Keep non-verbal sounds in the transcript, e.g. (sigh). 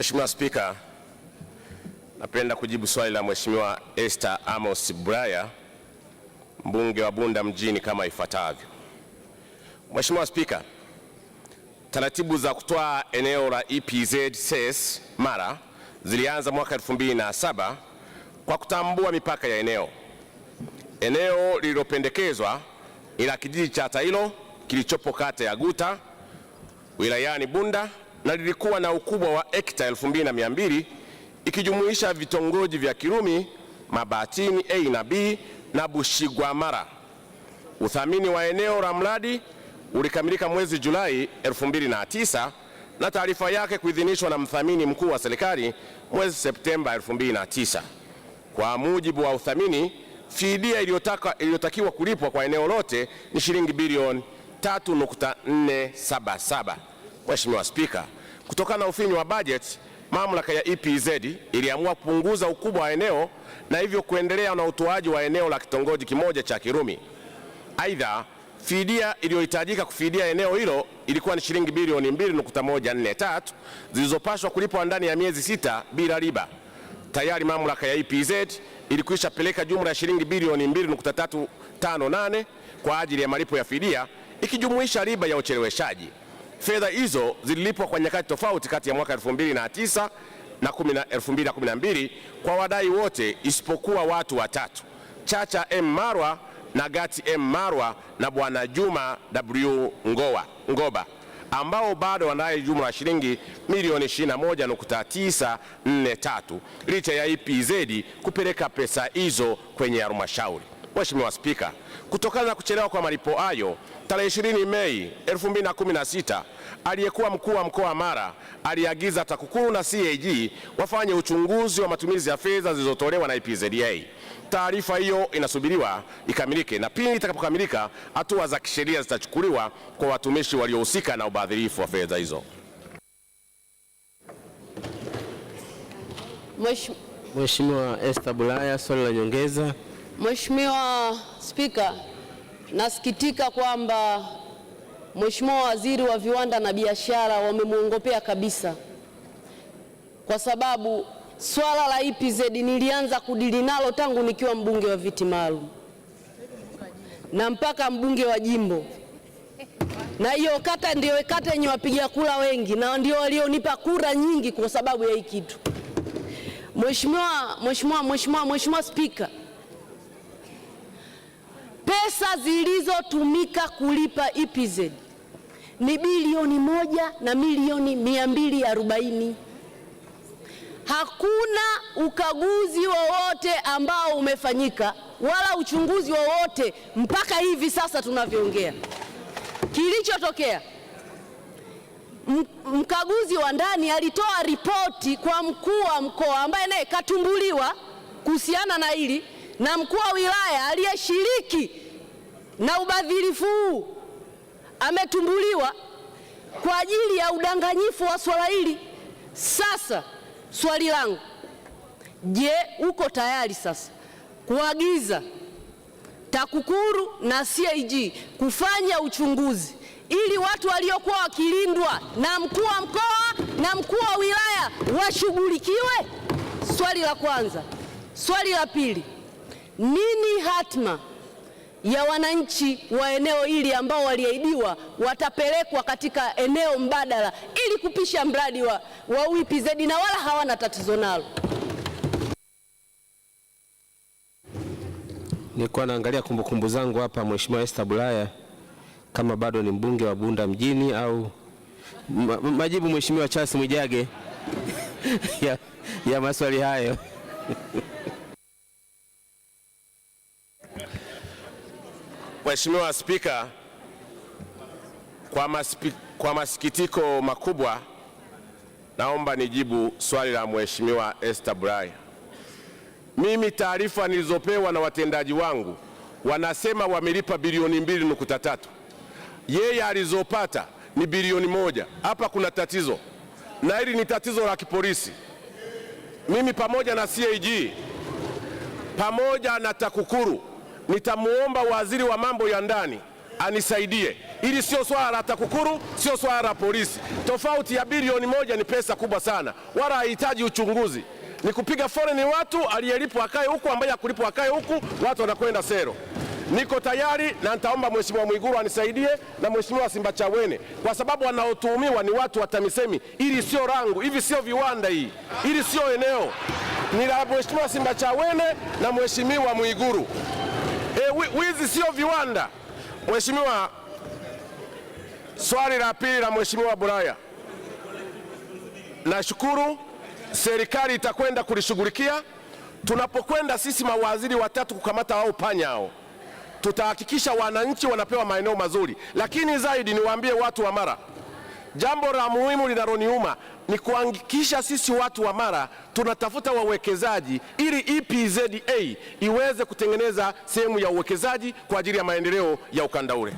Mheshimiwa Spika, napenda kujibu swali la Mheshimiwa Esther Amos Bulaya mbunge wa Bunda mjini kama ifuatavyo. Mheshimiwa Spika, taratibu za kutoa eneo la EPZ SES Mara zilianza mwaka 2007 kwa kutambua mipaka ya eneo. Eneo lililopendekezwa ni la kijiji cha Tailo kilichopo kata ya Guta wilayani Bunda na lilikuwa na ukubwa wa hekta 2200 ikijumuisha vitongoji vya Kirumi, Mabatini A na B na Bushigwamara. Uthamini wa eneo la mradi ulikamilika mwezi Julai 2009 na taarifa yake kuidhinishwa na mthamini mkuu wa serikali mwezi Septemba 2009. Kwa mujibu wa uthamini, fidia iliyotakiwa kulipwa kwa eneo lote ni shilingi bilioni 3.477. Mheshimiwa Spika, kutokana na ufinyu wa bajeti, mamlaka ya EPZ iliamua kupunguza ukubwa wa eneo na hivyo kuendelea na utoaji wa eneo la kitongoji kimoja cha Kirumi. Aidha, fidia iliyohitajika kufidia eneo hilo ilikuwa ni shilingi bilioni 2.143 zilizopaswa kulipwa ndani ya miezi sita bila riba. Tayari mamlaka ya EPZ ilikwisha peleka jumla ya shilingi bilioni 2.358 kwa ajili ya malipo ya fidia ikijumuisha riba ya ucheleweshaji. Fedha hizo zililipwa kwa nyakati tofauti kati ya mwaka 2009 na 2012 kwa wadai wote isipokuwa watu watatu, Chacha M Marwa na Gati M Marwa na Bwana Juma W Ngowa, Ngoba ambao bado wanadai jumla ya shilingi milioni 21.943 licha ya EPZ kupeleka pesa hizo kwenye halmashauri. Mheshimiwa Spika, kutokana na kuchelewa kwa malipo hayo, tarehe 20 Mei 2016 aliyekuwa mkuu wa mkoa wa Mara aliagiza TAKUKURU na CAG wafanye uchunguzi wa matumizi ya fedha zilizotolewa na EPZA. Taarifa hiyo inasubiriwa ikamilike na pindi itakapokamilika, hatua za kisheria zitachukuliwa kwa watumishi waliohusika na ubadhirifu wa fedha hizo. Mheshimiwa Esther Bulaya, swali la nyongeza. Mheshimiwa Spika, nasikitika kwamba Mheshimiwa Waziri wa Viwanda na Biashara wamemwongopea kabisa, kwa sababu swala la EPZ nilianza kudili nalo tangu nikiwa mbunge wa viti maalum na mpaka mbunge wa jimbo, na hiyo kata ndio kata yenye wapiga kura wengi na ndio walionipa kura nyingi kwa sababu ya hii kitu. Mheshimiwa, Mheshimiwa, Mheshimiwa, Mheshimiwa Spika Pesa zilizotumika kulipa EPZ ni bilioni moja na milioni mia mbili arobaini. Hakuna ukaguzi wowote ambao umefanyika wala uchunguzi wowote mpaka hivi sasa tunavyoongea. Kilichotokea, mkaguzi wa ndani alitoa ripoti kwa mkuu wa mkoa ambaye naye katumbuliwa kuhusiana na hili na mkuu wa wilaya aliyeshiriki na ubadhirifu huu ametumbuliwa kwa ajili ya udanganyifu wa swala hili. Sasa swali langu, je, uko tayari sasa kuagiza TAKUKURU na CAG kufanya uchunguzi ili watu waliokuwa wakilindwa na mkuu wa mkoa na mkuu wa wilaya washughulikiwe? Swali la kwanza. Swali la pili nini hatma ya wananchi wa eneo hili ambao waliahidiwa watapelekwa katika eneo mbadala ili kupisha mradi wa, wa UPZ na wala hawana tatizo nalo. Nilikuwa naangalia kumbukumbu zangu hapa, Mheshimiwa Esther Bulaya kama bado ni mbunge wa Bunda mjini au ma, majibu Mheshimiwa Charles Mwijage (laughs) ya, ya maswali hayo (laughs) Mheshimiwa Spika, kwa, kwa masikitiko makubwa naomba nijibu swali la Mheshimiwa Esther Bulaya. Mimi taarifa nilizopewa na watendaji wangu wanasema wamelipa bilioni mbili nukuta tatu, yeye alizopata ni bilioni moja. Hapa kuna tatizo na hili ni tatizo la kipolisi. Mimi pamoja na CAG pamoja na TAKUKURU nitamwomba waziri wa mambo ya ndani anisaidie. Hili sio swala la TAKUKURU, sio swala la polisi. Tofauti ya bilioni moja ni pesa kubwa sana, wala haihitaji uchunguzi. Ni kupiga foreni watu, aliyelipo akae huku, ambaye akulipo akae huku, watu wanakwenda sero. Niko tayari na nitaomba Mheshimiwa Mwiguru anisaidie na Mheshimiwa Simbachawene, kwa sababu wanaotuhumiwa ni watu wa TAMISEMI. Hili sio rangu, hivi sio viwanda, hii hili sio eneo, ni la Mheshimiwa Simbachawene na Mheshimiwa Mwiguru. Eh, wizi sio viwanda. Mheshimiwa, swali la pili la Mheshimiwa buraya nashukuru serikali itakwenda kulishughulikia. Tunapokwenda sisi mawaziri watatu kukamata wao panya hao, tutahakikisha wananchi wanapewa maeneo mazuri, lakini zaidi niwaambie watu wa Mara Jambo la muhimu linaloniuma ni kuhakikisha sisi watu wa Mara tunatafuta wawekezaji ili EPZA iweze kutengeneza sehemu ya uwekezaji kwa ajili ya maendeleo ya ukanda ule.